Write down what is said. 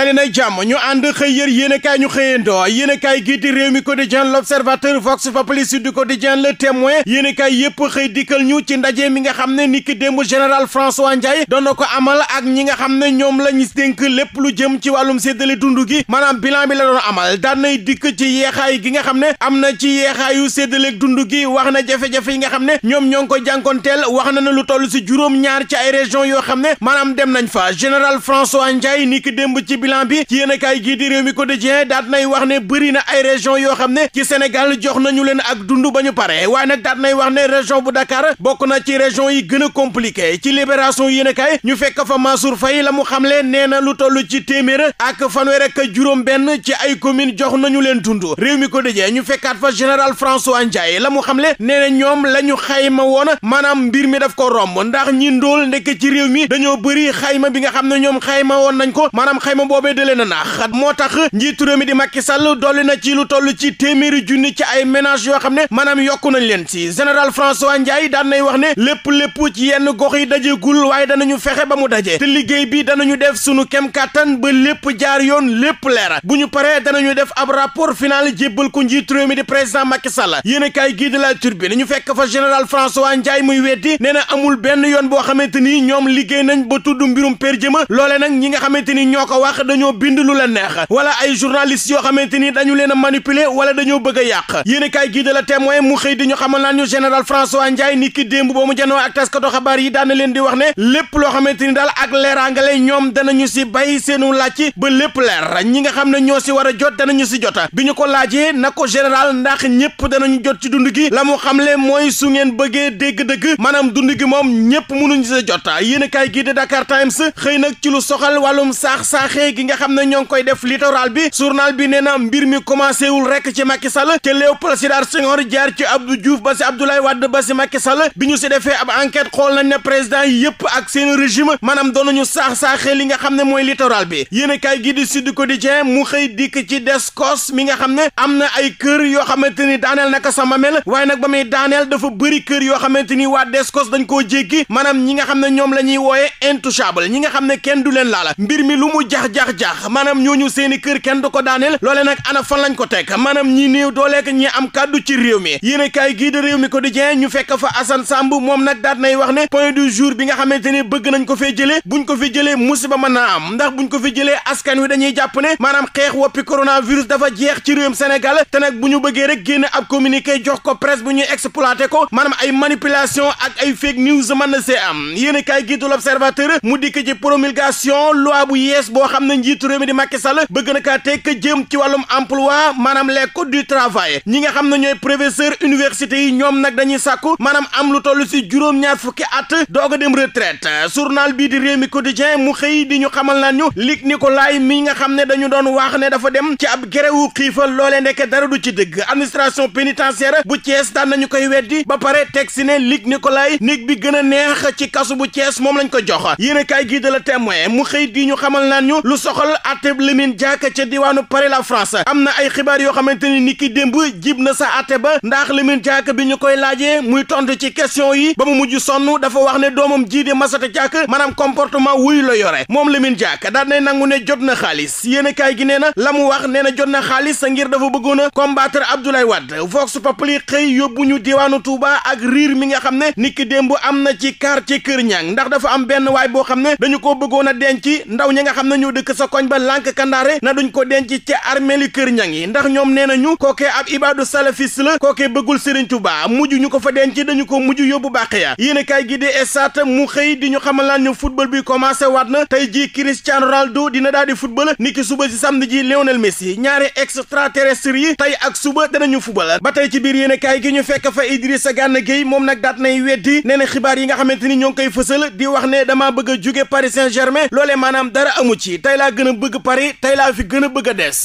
dali na jàmm ñu ànd xëy yër yéenekaay ñu xëyandoo yéenekaay gii di réew mi quotidien l'observateur vox populi sud du quotidien le témoin yéenekaay yépp xëy dikkal ñu ci ndaje mi nga xam ne niki démb général François Ndiaye doon na ko amal ak ñi nga xam ne ñoom la ñu dénk lépp lu jëm ci wàllum séddale dund gi maanaam bilan bi la doon amal daan na dikk ci yeexaay gi nga xam ne am na ci yeexaayu séddaleek dund gi wax na jafe-jafe yi nga xam ne ñoom ñoo ngi ko jànkonteel wax na ne lu toll si juróom ñaar ci ay région yoo xam ne maanaam dem nañ fa général François Ndiaye niki démb ci bilan bi ci yéen a kaay gii di réew mi quotidien daat nay wax ne bëri na ay région yoo xam ne ci Sénégal jox nañu leen ak dund ba ñu pare waaye nag daat nay wax ne région bu Dakar bokk na ci région yi gën a compliqué ci libération yi a kaay ñu fekk fa Mansour fay la mu xamle nee na lu toll ci téeméer ak fanweer ak juróom benn ci ay commune jox nañu leen dund réew mi quotidien ñu fekkaat fa général François Ndiaye la mu xamle nee na ñoom la ñu xayma woon maanaam mbir mi daf ko ndax ñi ndóol ci réew mi dañoo bëri xayma bi nga xam ne ñoom xayma woon nañ ko maanaam xayma boobu boobee da na a naax moo tax njiitu réew mi di Macky dolli na ci lu toll ci téeméeri junni ci ay ménage yoo xam ne maanaam yokk nañ leen si général François Ndiaye daan nay wax ne lépp lépp ci yenn gox yi dajegul waaye danañu fexe ba mu daje te liggéey bi danañu def sunu kem kàttan ba lépp jaar yoon lépp leer bu ñu paree danañu def ab rapport final jébbal ko njiitu mi di président Macky Sall yéen a kaay gii de la Tribune ñu fekk fa général François Ndiaye muy weddi nee na amul benn yoon boo xamante ni ñoom liggéey nañ ba tudd mbirum pér jëma loole nag ñi nga xamante ni ñoo ko wax neex dañoo bind lu la neex wala ay journalistes yoo xamante ni dañu leen a manipuler wala dañoo bëgg yàq yéen i kaay gii de la témoin mu xëy di ñu xamal naan ñu général François Ndiaye ni ki démb ba mu janoo ak taskatu xabaar yi daan na leen di wax ne lépp loo xamante ni daal ak leeraangale ñoom danañu si bay seenu laaj ba lépp leer ñi nga xam ne ñoo si war a jot dana ñu si jota bi ñu ko laajee na ko général ndax ñëpp danañu jot ci dund gi la mu xamle mooy su ngeen bëggee dégg-dëgg maanaam dund gi moom ñëpp mënuñu si jota yéen kaay gii de Dakar Times xëy nag ci lu soxal wàllum saax saaxee liggéey gi nga xam ne ñoo koy def littoral bi journal bi nee na mbir mi commencé wul rek ci Macky Sall te Léopold Sédar jaar ci Abdou Diouf ba si Abdoulaye Wade ba si Macky Sall bi ñu si defee ab enquête xool nañ ne président yëpp ak seen régime maanaam doon nañu saax-saaxee li nga xam ne mooy littoral bi yéen a kaay ko di Sud Quotidien mu xëy dikk ci Descos mi nga xam ne am na ay kër yoo xamante ni daaneel naka sama mel waaye nag ba muy daaneel dafa bëri kër yoo xamante ni waa Descos dañ koo jéggi maanaam ñi nga xam ne ñoom la ñuy wooye intouchable ñi nga xam ne kenn du leen laala mbir jax-jax maanaam ñooñu seen i kër kenn du ko daaneel loole nag ana fan lañ ko teg maanaam ñi néew dooleek ñi am kàddu ci réew mi yéen a kaay gii de réew mi quotidien ñu moom nag daat wax ne point du jour bi nga xamante ne bëgg nañ ko fee jëlee buñ ko fi jëlee musiba mën naa am ndax buñ ko fi jëlee askan wi dañuy jàpp ne maanaam xeex woppi coronavirus dafa jeex ci réewum Sénégal te nag bu ñu bëggee rek génne ab communiqué jox ko presse bu ñuy exploité ko maanaam ay manipulation ak ay fake news mën na see am yéen a kaay gii de l'observateur mu dikk ci promulgation loi bu yees boo xam na njiitu réew mi di Macky bëgg na kaa teg jëm ci wàllum emploi maanaam les codes du travail ñi nga xam ne ñooy professeur université yi ñoom nag dañuy sàkku maanaam am lu toll si juróom-ñaar fukki at doog a dem retraite journal bii di réew mi quotidien mu xëy di ñu xamal naan ñu Luc Nicolaï mi nga xam ne dañu doon wax ne dafa dem ci ab gerewu xiifal loolee nekk dara du ci dëgg administration pénitentiaire bu Thiès daan nañu koy weddi ba pare teg si ne Luc Nicolaï néeg bi gën a neex ci kasu bu Thiès moom lañ ko jox yéen a kaay gii de la soxal atteb Lamine Diack ca diwaanu Paris la France am na ay xibaar yoo xamante ni ni ki démb jib na sa atte ba ndax Lamine Diack bi ñu koy laajee muy tont ci question yi ba mu mujj sonn dafa wax ne doomam jii di Massata Diack maanaam comportement wuy la yore moom Lamine Diack daan nay nangu ne jot na xaalis yéen kaay gi nee na la mu wax nee na jot na xaalis sa ngir dafa bëggoon a combattre Abdoulaye Wade Vox Populi xëy yóbbu ñu diwaanu Touba ak riir mi nga xam ne ni ki démb am na ci quartier Kër Ñang ndax dafa am benn waay boo xam ne dañu koo bëggoon a denc ndaw ñi nga xam ne ñoo dëkk dëkk sa koñ ba lànk kandaare na duñ ko denc ci armeeli kër ñang yi ndax ñoom nee nañu kookee ab ibaadu salafis la kookee bëggul Serigne Touba mujj ñu ko fa denc dañu ko mujj yóbbu Baqiya ya kaay gi di Stades mu xëy di ñu xamal laan ñu football bi commencé waat na tey jii Cristiano Ronaldo dina daal di football niki suba si samedi ji Lionel Messi ñaari extraterrestre yi tey ak suba danañu football ba tey ci biir yéen kaay gi ñu fekk fa Idrissa Gana Gueye moom nag daat nay yi nga xamante ni ñoo ngi koy fësal di wax ne dama bëgg a jóge Paris Saint-Germain loolee maanaam dara amu ci laa gën a bëgg Paris tey laa fi gën a bëgg a des